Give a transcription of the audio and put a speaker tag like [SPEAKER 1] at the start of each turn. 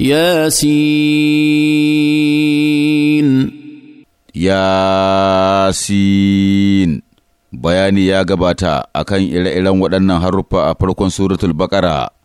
[SPEAKER 1] yasin yasin bayani ya gabata akan ire-iren
[SPEAKER 2] waɗannan haruffa a farkon suratul baƙara